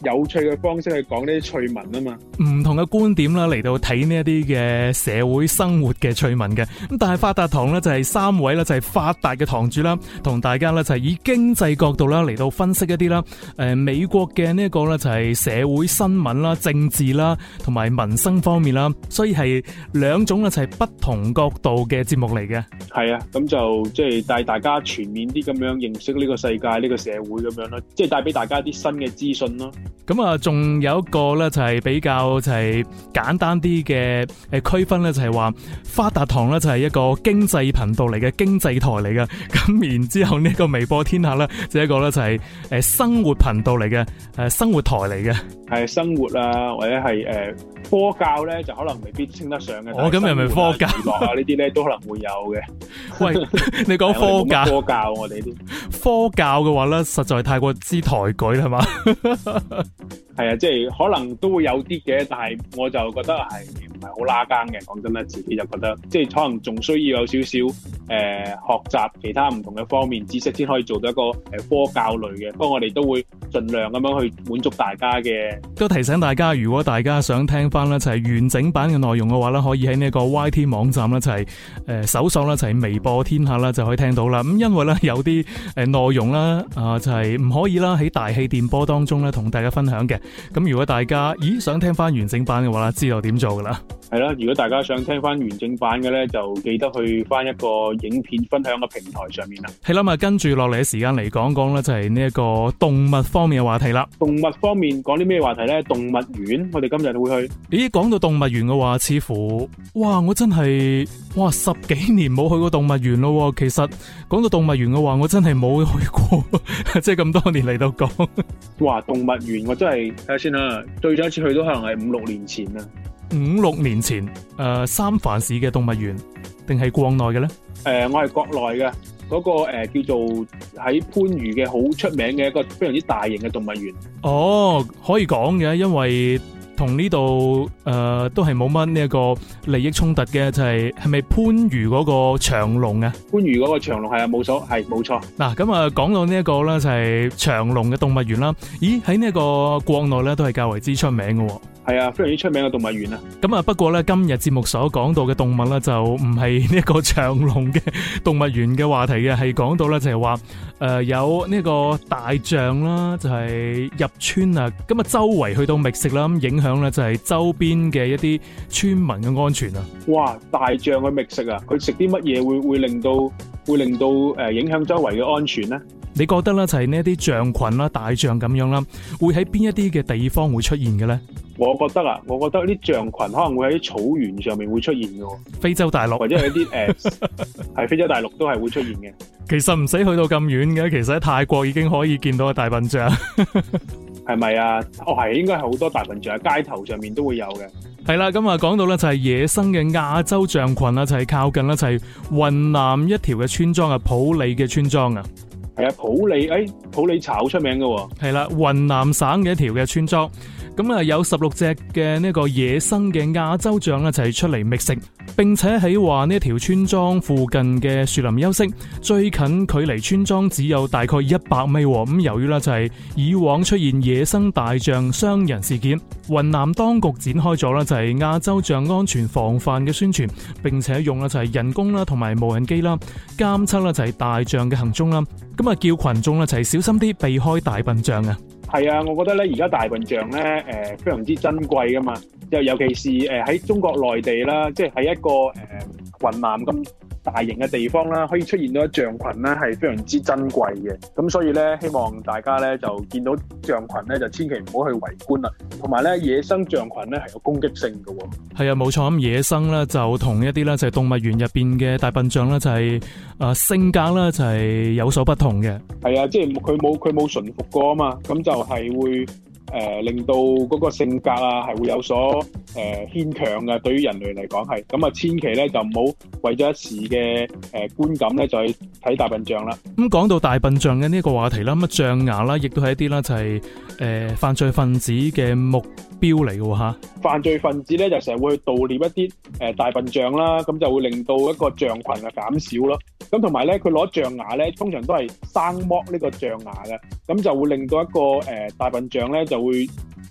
有趣嘅方式去講呢啲趣聞啊嘛。唔同嘅觀點啦，嚟到睇呢一啲嘅社會生活嘅趣聞嘅。咁但係發達堂咧就係三位咧就係發達嘅堂主啦，同大家咧就係以經濟角度啦嚟到分析一啲啦。誒，美國嘅呢一個咧就係社會新聞啦、政治啦同埋民生方面啦，所以係兩種咧就係不同角度嘅節目嚟嘅。係啊，咁就即係帶大家全面啲咁樣認識、這、呢個世界呢、這個社會咁樣咯，即係帶俾大家啲新嘅資訊咯。咁啊，仲有一個咧就係、是、比較就係簡單啲嘅誒區分咧，就係、是、話發達堂咧就係、是、一個經濟頻道嚟嘅經濟台嚟嘅。咁然之後呢個微播天下咧就係、是、一個咧就係、是、誒生活頻道嚟嘅誒生活台嚟嘅，係生活啊或者係誒。呃科教咧就可能未必稱得上嘅，我咁係咪科教？呢啲咧都可能會有嘅。喂，你講科教？ [laughs] 科教、啊、我哋啲科教嘅話咧，實在太過之抬舉係嘛？係 [laughs] 啊，即、就、係、係、可能都會有啲嘅，但係我就覺得係。唔係好拉更嘅，講真啦，自己就覺得即係可能仲需要有少少誒學習其他唔同嘅方面知識先可以做到一個誒科教類嘅。不過我哋都會盡量咁樣去滿足大家嘅。都提醒大家，如果大家想聽翻呢，就係完整版嘅內容嘅話呢，可以喺呢一個 YT 網站呢，就係誒搜索啦，就喺微播天下啦，就可以聽到啦。咁因為呢有啲誒內容啦，啊就係唔可以啦，喺大氣電波當中呢同大家分享嘅。咁如果大家咦想聽翻完整版嘅話啦，知道點做啦。係啦，如果大家想聽翻完，完整版嘅咧，就記得去翻一個影片分享嘅平台上面啦。係啦，咁啊，跟住落嚟嘅時間嚟講講咧，就係呢一個動物方面嘅話題啦。動物方面講啲咩話題咧？動物園，我哋今日會去。咦，講到動物園嘅話，似乎哇，我真係哇，十幾年冇去過動物園咯。其實講到動物園嘅話，我真係冇去過，即係咁多年嚟到講。哇，動物園我真係睇下先啦，最早一次去都可能係五六年前啦。五六年前，誒，三藩市嘅動物園定係國內嘅咧？誒，我係國內嘅嗰個，誒，叫做喺番禺嘅好出名嘅一個非常之大型嘅動物園。哦，可以講嘅，因為同呢度誒，都係冇乜呢一個利益衝突嘅，就係係咪番禺嗰個長隆啊？番禺嗰個長隆係啊，冇錯，係冇錯。嗱，咁啊，講到呢一個咧，就係長隆嘅動物園啦。咦，喺呢一個國內咧，都係較為之出名嘅。係啊，非常之出名嘅動物園啊！咁啊，不過呢，今日節目所講到嘅動物呢，就唔係呢一個長隆嘅動物園嘅話題嘅，係講到呢，就係話。誒、呃，有呢個大象啦，就係、是、入村啊，咁啊周圍去到覓食啦，咁影響咧就係周邊嘅一啲村民嘅安全啊！哇，大象嘅覓食啊，佢食啲乜嘢會會令到會令到誒、呃、影響周圍嘅安全咧？你覺得咧就係呢一啲象群啦，大象咁樣啦，會喺邊一啲嘅地方會出現嘅咧？我覺得啊，我覺得啲象群可能會喺草原上面會出現嘅，非洲大陸或者係一啲誒，係非洲大陸都係會出現嘅。其實唔使去到咁遠。其實喺泰國已經可以見到嘅大笨象，係咪啊？哦，係，應該係好多大笨象喺街頭上面都會有嘅。係啦，咁啊，講到咧就係野生嘅亞洲象群啊，就係靠近咧就係雲南一條嘅村莊啊，普洱嘅村莊啊。係、哎、啊，普洱，誒，普洱茶好出名噶。係啦，雲南省嘅一條嘅村莊。咁、嗯、啊，有十六隻嘅呢個野生嘅亞洲象呢就係、是、出嚟覓食，並且喺話呢條村莊附近嘅樹林休息，最近距離村莊只有大概一百米。咁、嗯、由於呢就係、是、以往出現野生大象傷人事件，雲南當局展開咗呢就係、是、亞洲象安全防範嘅宣傳，並且用呢就係、是、人工啦同埋無人機啦監測啦就係、是、大象嘅行蹤啦。咁、嗯、啊，叫群眾呢就係、是、小心啲避開大笨象啊！係啊，我覺得咧，而家大笨象咧，非常之珍貴噶嘛，就尤其是誒喺、呃、中國內地啦，即係喺一個誒雲、呃、南咁。嗯大型嘅地方啦，可以出現到象群咧，係非常之珍貴嘅。咁所以咧，希望大家咧就見到象群咧，就千祈唔好去圍觀啦。同埋咧，野生象群咧係有攻擊性嘅。係啊，冇錯，咁野生咧就同一啲咧就係動物園入邊嘅大笨象咧就係誒性格咧就係有所不同嘅。係啊，即係佢冇佢冇馴服過啊嘛，咁就係會。誒令到嗰個性格啊，係會有所誒牽強嘅。對於人類嚟講係，咁啊千祈咧就唔好為咗一時嘅誒觀感咧，就去睇大笨象啦。咁講到大笨象嘅呢個話題啦，咁啊象牙啦，亦都係一啲啦，就係誒犯罪分子嘅目標嚟嘅喎嚇。犯罪分子咧就成日會去盜獵一啲誒大笨象啦，咁就會令到一個象羣啊減少咯。咁同埋咧，佢攞象牙咧，通常都係生剝呢個象牙㗎，咁就會令到一個誒大笨象咧就。會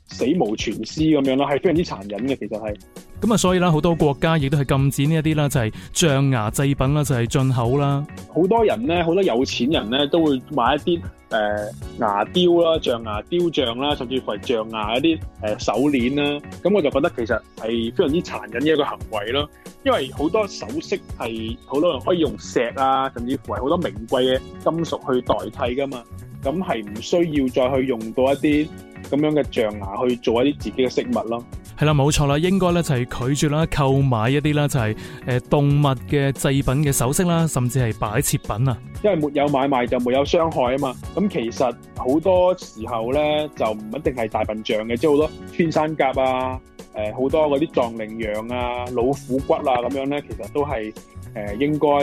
死無全屍咁樣咯，係非常之殘忍嘅。其實係咁啊，所以啦，好多國家亦都係禁止呢一啲啦，就係、是、象牙製品啦，就係、是、進口啦。好多人咧，好多有錢人咧都會買一啲誒、呃、牙雕啦、象牙雕像啦，甚至乎係象牙一啲誒、呃、手鏈啦。咁我就覺得其實係非常之殘忍嘅一個行為咯，因為好多首飾係好多人可以用石啊，甚至乎係好多名貴嘅金屬去代替噶嘛。咁係唔需要再去用到一啲咁樣嘅象牙去做一啲自己嘅飾物咯。係啦，冇錯啦，應該咧就係拒絕啦購買一啲啦就係誒動物嘅製品嘅首飾啦，甚至係擺設品啊。因為沒有買賣就沒有傷害啊嘛。咁其實好多時候咧就唔一定係大笨象嘅，即係好多穿山甲啊、誒好多嗰啲藏羚羊啊、老虎骨啊咁樣咧，其實都係。誒，應該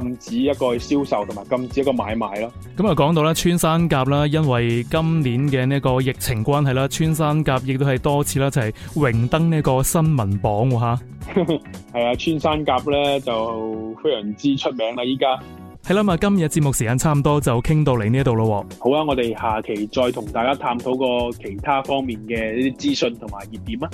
禁止一個銷售，同埋禁止一個買賣咯。咁啊，講到咧，穿山甲啦，因為今年嘅呢個疫情關係啦，穿山甲亦都係多次啦，就係榮登呢個新聞榜吓。係 [laughs] 啊，穿山甲咧就非常之出名啦，依家係啦。咁啊，今日節目時間差唔多，就傾到嚟呢一度咯。好啊，我哋下期再同大家探討個其他方面嘅呢啲資訊同埋熱點啊。